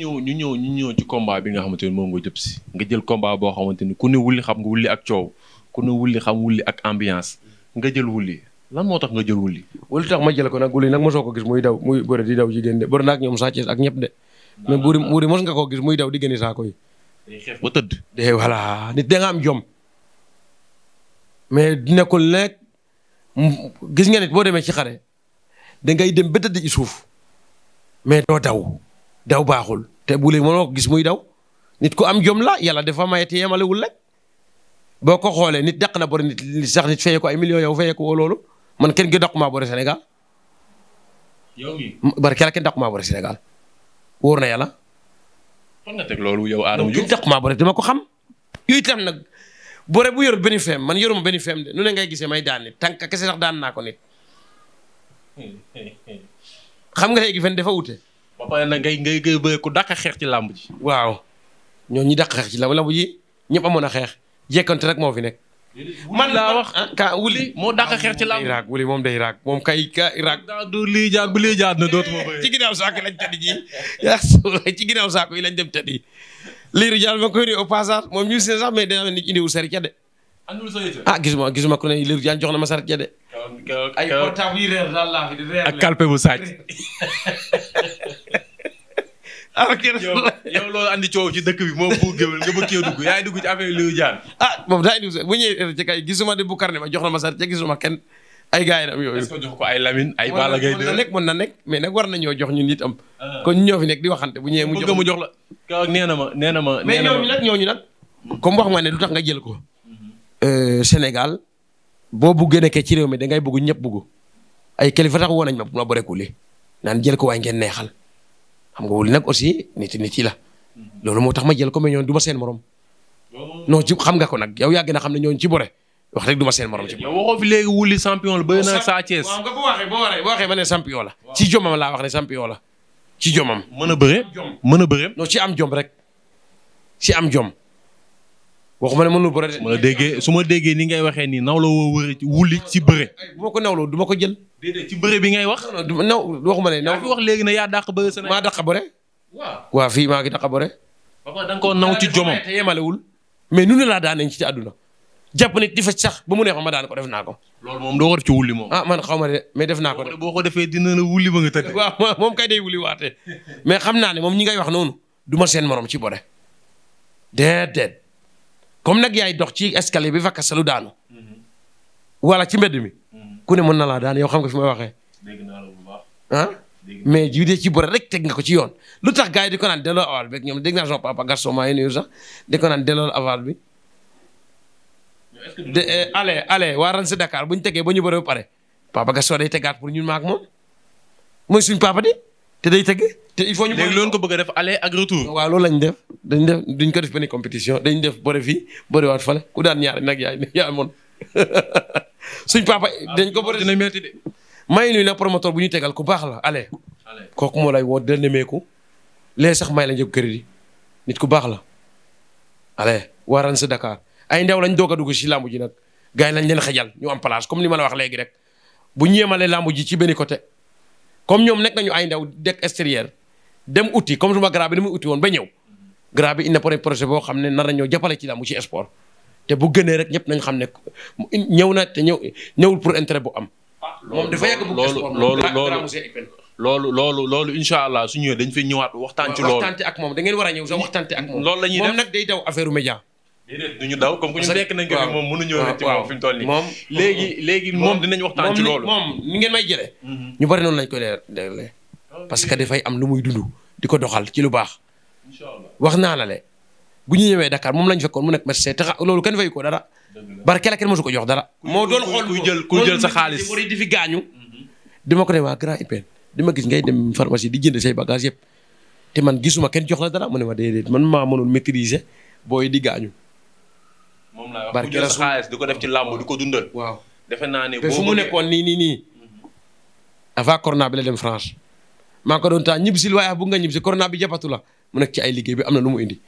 ñëw ñu ñëw ñu ñëw ci combat bi nga xamante ni moom nga jëp si nga jël combat boo xamante ni ku ne wulli xam nga wulli ak coow ku ne wulli xam wulli ak ambiance nga jël wulli lan moo tax nga jël wulli wulli tax ma jël ko nag wulli nag mosoo ko gis muy daw muy bëre di daw jigéen de bëre naag ñoom sàccees ak ñëpp de mais buuri buuri mos nga koo gis muy daw di génne saako yi ba tëdd de voilà nit da am jom mais nekkul nekk gis nga nit boo demee ci xare da ngay dem ba tëdd suuf mais doo daw daw baaxul te bu léegi mënoo gis muy daw nit ku am jom la yàlla dafa maye te yemalewul rek boo ko xoolee nit daq na bor nit sax nit feye ko ay millions yow feye ko loolu man kenn gi dàq maa bor Sénégal. yow mii barke la kenn yàlla. fan loolu yow Adama Diouf dàq dama ko xam. yooyu itam bore bu yor benn feem man yoruma benn feem de nu ne ngay gisee may daan nit tànk kese sax daan naa ko nit. xam nga léegi fen dafa wute. ba pare nag ngay ngay ngay bëre ku dàq xeex ci làmb ji. waaw ñoo ñi dàq xeex ci làmb làmb ji ñëpp amoon a xeex jekkante rek moo fi nekk. man laa wax ah, ka wuli moo dàq xeex ci làmb raak wuli moom day raak moom kay ka raak du lii jaar bu lii jaar na dootuma eh, bëri ci ginnaaw saako yi lañ tëddi ji yaa ci ginnaaw saako yi lañ dem tëddi liiru jaar ma koy nuyu au moom ñu seen sax mais dina mel ni indiwul sari ca de ah gisuma gisuma ku ne liiru jaar jox na ma sari ca de ay portable yi reer daal kalpe bu saaj Ah, yow loolu andi coow ci dëkk bi moom bu géwél nga bëgg dugg yaa ngi dugg ci affaire Lirou Diane ah moom daay dugg bu ñëwee eh, ci kay gisuma de bu karne ma jox na ma sar ca gisuma kenn ay gars yi am yooyu. est-ce que jox ko ay Lamine ay Balla Gaye mën na nekk mën na nekk mais nag war nañoo jox ñun it am ah. kon ñoo fi nekk di waxante bu ñëwee mu jox mu jox la kaw nee na ma nee na ma mais ñooñu nag ñooñu nag comme wax nga ne lu tax nga jël ko mhm. euh, Sénégal boo buggee nekkee ci réew mi da ngay bëgg ñëpp bëgg ay kilifa tax woo nañ ma bu ma bëre ko li naan jël ko waaye ngeen neexal xam nga wuli nag aussi nit nit yi la mm-hmm. loolu moo tax ma jël ko mais ñoom du ma seen morom oh. noo xam nga ko nag yow yaa gën xam ne ñooñu ci bore wax rek du ma seen morom ci yow waxoo fi léegi wuli champion la bëri na Sa waxee ma ne la ci jomam laa wax ne champion la ci jomam mën a bëre mën a bëre non ci am jom rek ci am jom waxuma ne mënul bëre de. ma la déggee su ma ni ngay waxee nii naw la woo wër wuli ci ko nawloo du ma ko jël. déedéet bi ngay wax. naw waxuma ne naw. yaa wax léegi ne yaa dàq bëre Sénégal. maa dàq bëre. waaw waaw fii maa ngi dàq bëre. ba pare da nga koo naw ci jomam. te mais nu laa daan nañ ci àdduna. jàpp ne fa sax ba mu neex ma daan ko def naa ko. loolu moom doo war ci wuli moom. Ah, man xaw ma mais def ko boo ko defee dina la wuli ba nga moom kay day wuli waate xam naa ne moom ñi ngay wax noonu duma seen moroom ci bëre déedéet comme nag yaay dox ci escalier bi fakkasalu daanu. wala ci mbedd mi. ku ne mën na laa daan yow xam nga fi may waxee. dégg mais ju dee ci bëre rek teg nga ko ci yoon lu tax gars di ko naan delloo aval bi ak ñoom dégg naa sama papa Gaston maa ngi nuyu sax di ko naan delloo aval bi. de eh, allez allez waa si Dakar bu ñu tegee ba ñu bëre pare papa Gaston day tegaat pour ñun ma ak moom suñ papa di. te day tëgg. te il faut loolu ko bëgg def aller ak retour. waaw lañ def dañ def duñ ko def benn compétition dañ def bëri fii bëriwaat fale ku daan ñaari nag yaay yaay moon suñ papa ah, dañ ko bëri dina metti de. may nuyu nag bu ñu tegal ku baax la ale kooku moo lay woo dina nemeeku lee sax may la njëg crédit nit ku baax la. ale waaran sa Dakar ay ndew lañ doog dugg si làmb ji nag gars yi lañ leen xajal ñu am place comme li ma la wax léegi rek bu ñeemalee làmb ji ci benn côté. comme ñoom nekk nañu ay ndaw dëkk extérieur dem uti comme suma grand bi ni muy uti woon ba ñëw grand bi indi projet boo xam ne nar nañoo jàppale ci làmb ci sport te bu gënee rek ñëpp nañu xam ne ñëw na te ñëw ñëwul pour intérêt bu am. moom dafa yàgg bu sport loolu loolu loolu loolu loolu incha allah su ñëwee dañ fay ñëwaat waxtaan ci loolu. waxtaante ak moom da ngeen war a ñëw sax waxtaante ak moom. loolu la ñuy def moom nag day daw affaire média déedéet du ñu daw ñu fekk nañ ko fi moom mënuñu ñëw ci moom fi mu moom léegi moom dinañ waxtaan ci loolu moom ni ngeen may jëlee mhm. ñu bari noonu lañ koy leer parce que dafay am lu muy dund di ko doxal ci lu baax wax naa la le bu ñu ñëwee Dakar moom lañu fekkoon mu nekk médecin te loolu kenn fayu koo dara barke la kenn mosu ko jox dara moo doon xool kuy jël kuy jël sa xaalis bari di fi gaañu mhm. di ma ko ne waa grand di ma gis ngay dem pharmacie di jënd say bagage yëpp te man gisuma kenn jox dara mu ne ma déedéet man maa mënoon maîtriser booy di gaañu moom laa wax ku jël sa xaalis di ko def ci làmb di ko nii nii nii. avant corona bi la dem France. maa ngi ko doon temps ñib si waaye bu nga ñib si corona bi jàppatu la mu nekk ci ay liggéey bi am na lu mu indi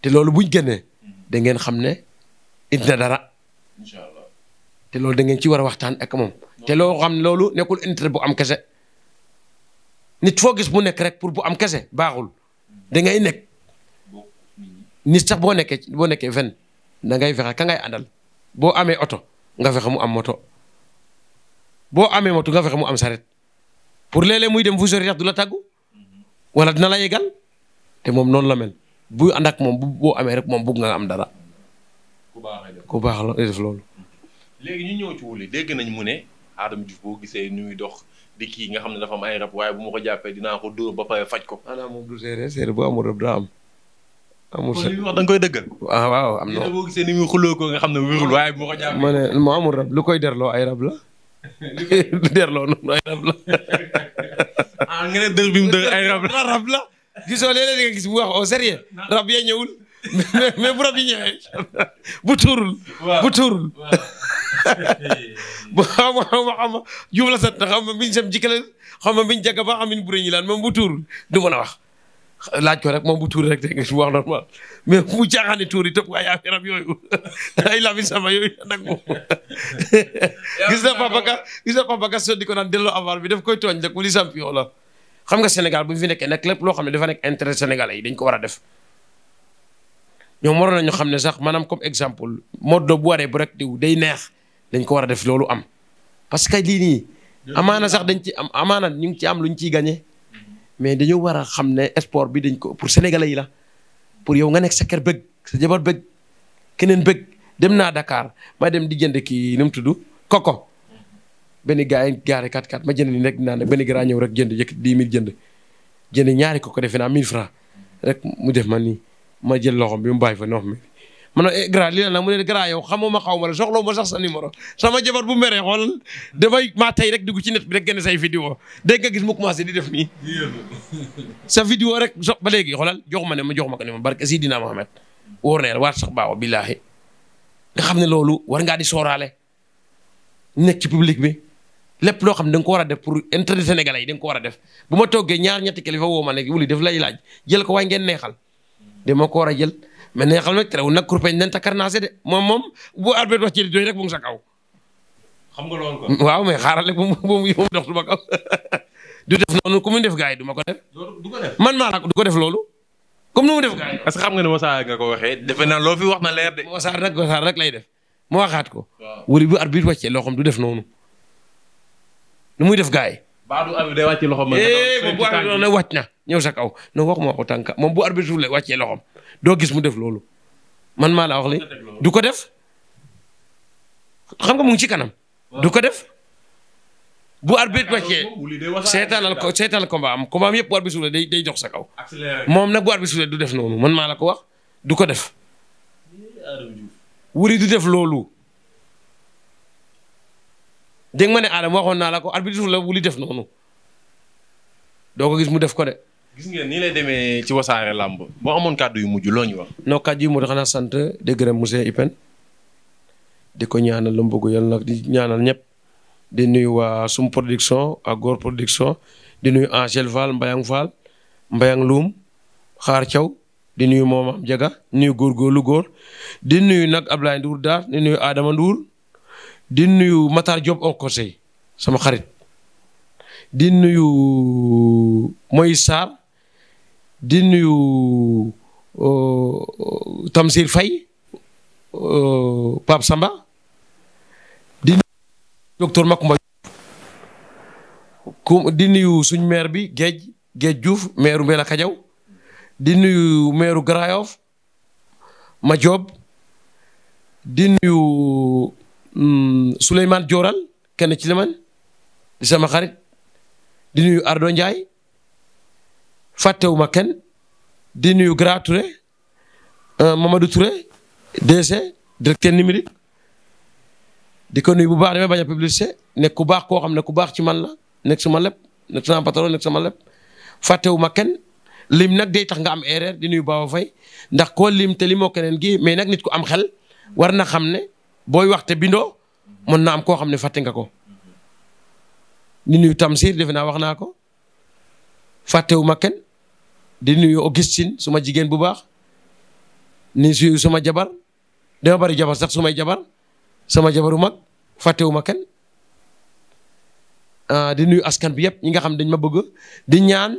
te loolu buñ génnee da ngeen xam ne indi na dara. te loolu da ngeen ci war a waxtaan ak moom. te loo xam loolu nekkul intere bu am kese. nit foo bu nekk rek pour bu am kese baaxul da ngay nekk nit sax boo nekkee boo nekkee fenn da ngay fexe ka ngay àndal boo amee oto nga fexe mu am moto boo amee moto nga fexe mu am saret pour léeg muy dem fu sori tax du la tàggu wala dina la yegal te moom noonu la mel bu ànd moom bu boo amee rek moom bugg nga am dara. ku baax baax la def loolu. léegi ñu ñëw ci wuli dégg nañ mu ne Adama Diouf boo gisee nu muy dox di kii nga xam ne dafa am ay rab waaye bu ma ko jàppee dinaa ko dóor ba pare faj ko. maanaam moom du séeréer séeréer bu amul rab daa am. amul sa koy dëggal. Ah, am na xam ne wérul waaye moo ko ma ne rab lu koy derloo ay rab la. lu derloo noonu ay rab la. ah nga ne dër bi mu dër ay rab la rab la. gisoo léeg gis bu wax au oh, sérieux rab yaa ñëwul mais mais bu rab yi ñëwee bu tuurul. bu tuurul. ba xam nga xam nga xam nga juum xam nga biñ jagga ba amin bu rëñ yi laan moom bu tuurul du mën a wax. laaj ko rek moom bu tuuri rek dégg nga wax normal mais bu jaaxaane tuuri tëb ko ay affaire am yooyu ay labi sama yooyu nag moom gis na Papa Ka gis na Papa Ka soddi ko naan delloo avare bi daf koy tooñ rek wuli champion la xam nga Sénégal bu ñu fi nekkee nag lépp loo xam ne dafa nekk intérêt sénégalais yi dañ ko war a def ñoom waroon nañu xam ne sax maanaam comme exemple moo bu waree bu rek diw day neex dañ ko war a def loolu am parce que lii nii amaana sax dañ ci am amaana ñu ngi ci am lu ñu ciy gagné mais dañoo war a xam ne sport bi dañ ko pour sénégalais yi la pour yow nga nekk sa kër bëgg sa jabar bëgg keneen bëgg dem naa Dakar ma dem di jënd kii nu mu tudd koko benn gars yi gaare kat kat ma jënd nii rek dinaa ne benn grand ñëw rek jënd yëkk dix mille jënd jënd ñaari koko defe naa mille francs rek mu jef ma nii ma jël loxo bi mu baay fa noox mi ma ne eh grand lii la nag mu ne grand yow xamuma xaw ma la soxla ma sax sa numéro sama jabar bu meree xoolal damay maa tey rek dugg ci net bi rek génne say vidéo dégg nga gis mu commencé di def nii. sa vidéo rek so ba léegi xoolal jox ma ne ma jox ma ko ne ma barke Sidina Mohamed wóor na waar sax baawa billaahi nga xam ne loolu war ngaa di sooraale nekk ci bi. lépp loo xam ne da ko war a def pour intérêt sénégalais yi da ko war a def bu ma toggee ñaar ñetti kilifa woo ma ne wuli def lay laaj jël ko waaye ngeen neexal de ma ko war a jël mais nañ xam nag terewul nag kurpeñ dañ takkar naase de moom moom bu arbitre wax ci li doy rek mu sa kaw. xam nga loolu waaw mais xaaral rek ba mu ba mu dox du ma kaw du def noonu ku mu def gars yi du ma ko def. du ko def man maa la du ko def loolu. comme ni mu def gars parce que xam nga ne Wassare nga ko waxee defe naa loo fi wax na leer de. Wassare nag Wassare rek lay def ma waxaat ko. waaw wuri bu arbitre loo loxoom du def noonu. nu muy def gars baadu abi day wàcce loxoom. moom eh, bu arbitre doon ne wàcc na ñëw sa kaw wax moo ko tànka moom bu arbitre suuf la wàccee loxom doo gis mu def loolu man maa la wax li du ko def xam nga mu ci kanam. du ko def. bu arbitre wàccee seetaanal ko seetaanal am combat am yëpp bu arbitre suuf day day jox sa kaw. moom nag bu arbitre suuf la du def noonu man maa la ko wax du ko def. wuri du def loolu. dégg ma ne Adama waxoon naa la ko arbitre la li def noonu doo ko gis mu def ko de. gis ngeen nii lay demee ci wasaare làmb boo amoon kàddu yu mujj loo ñu wax. non mu yu mujj xanaa sant di gërëm monsieur Ipen di ko ñaanal lu mu bëgg nag di ñaanal ñëpp di nuyu waa sum production ak góor production di nuyu Angèle Fall Mbayang Fall Mbayang Loum Xaar Thiaw di nuyu Momam Diaga nuyu góorgóorlu góor di nuyu nag Ablaye Ndour Dar di nuyu Adama Ndour. di nuyu Matar Diop au conseil sama xarit di nuyu Moïse Sarr di nuyu euh, Tamsir fay euh, Pape Samba di nuyu docteur Makumba ku di nuyu suñ maire bi Géej Géej Diouf maire Mbella Kajaw di nuyu maire Grand Yoff Madiop di nuyu. Mm, Souleymane jooral kenn ci li di sama xarit di nuyu Ardo Ndiaye fàttewuma kenn di nuyu Gra Touré euh, Mamadou Touré DC directeur numérique di ko nuyu bu baax damay bañ a publicité nekk ku baax koo xam ne ku baax ci man la nekk suma lépp nekk sama patron nekk sama lépp fàttewuma kenn lim nag day tax nga am erreur di nuyu Baba Faye ndax koo lim te limoo keneen gi mais nag nit ku am xel war na xam ne. booy waxte bindoo mën na am koo xam ne fàtte nga ko di nuyu Tamsir defe naa wax naa ko fàttewu ma kenn di nuyu Augustine suma jigéen bu baax ni suma jabar dama bari jabar sax sumay jabar sama jabaru mag fàttewu ma kenn ah, di nuyu askan bi yëpp ñi nga xam dañ ma bëgg di ñaan